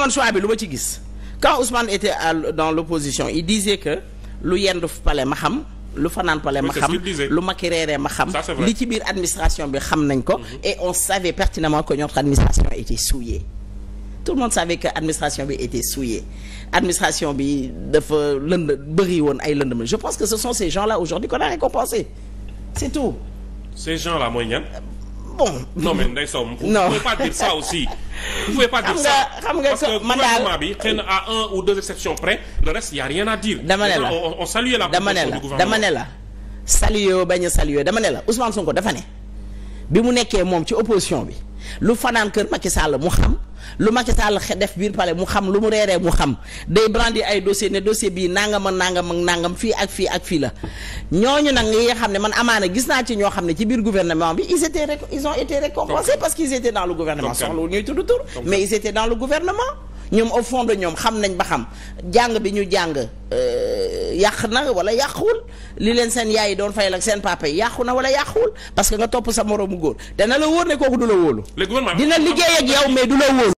man choix bi lu ma ci gis quand Ousmane était à dans l'opposition il disait que lu yendu pale ma xam lu fanaan pale ma xam lu makki reeree ma xam li ci biir administration bi xam nañ ko mhm. et on savait pertinemment que notre administration était souillée tout le monde savait que administration bi était souillée administration bi dafa lënd bëri woon ay lëndëm je pense que ce sont ces gens là aujourd'hui qu'on a récompensé c'est tout ces gens là mooy bon non mais Ndeye Sow on peut pas vous pouvez pas xam nga xam nga man daal parce bi xëy na à un ou deux exceptions près le reste y rien à dire. dama ne la on la proposition dama ne la dama ne bañ a saluer dama ne la Ousmane Sonko dafa ne bi mu nekkee moom ci opposition bi. lu fanaan kër Macky Sall mu xam lu Macky Sall def biir palais mu xam lu mu reeree mu xam day brandi ay dossier ne dossier bii nangam ak nangam fii ak fii ak fii la ñooñu nag yi nga xam ne man amaana gis naa ci ñoo xam ne ci biir gouvernement bi ils étaient ils ont été récompensés parce qu'ils étaient dans le gouvernement soxlawul ñuy tudd tur mais ils étaient dans le gouvernement ñoom au fond de ñoom xam nañ ba xam jàng bi ñu jàng euh, yàq na wala yàquwul li leen seen yaay yi doon fayal ak seen papa yi yàqu na wala yàquwul parce que nga topp sa moroomu góor dana la wóor ne kooku du la wóolu. dina liggéey ak yow mais du la wóolu.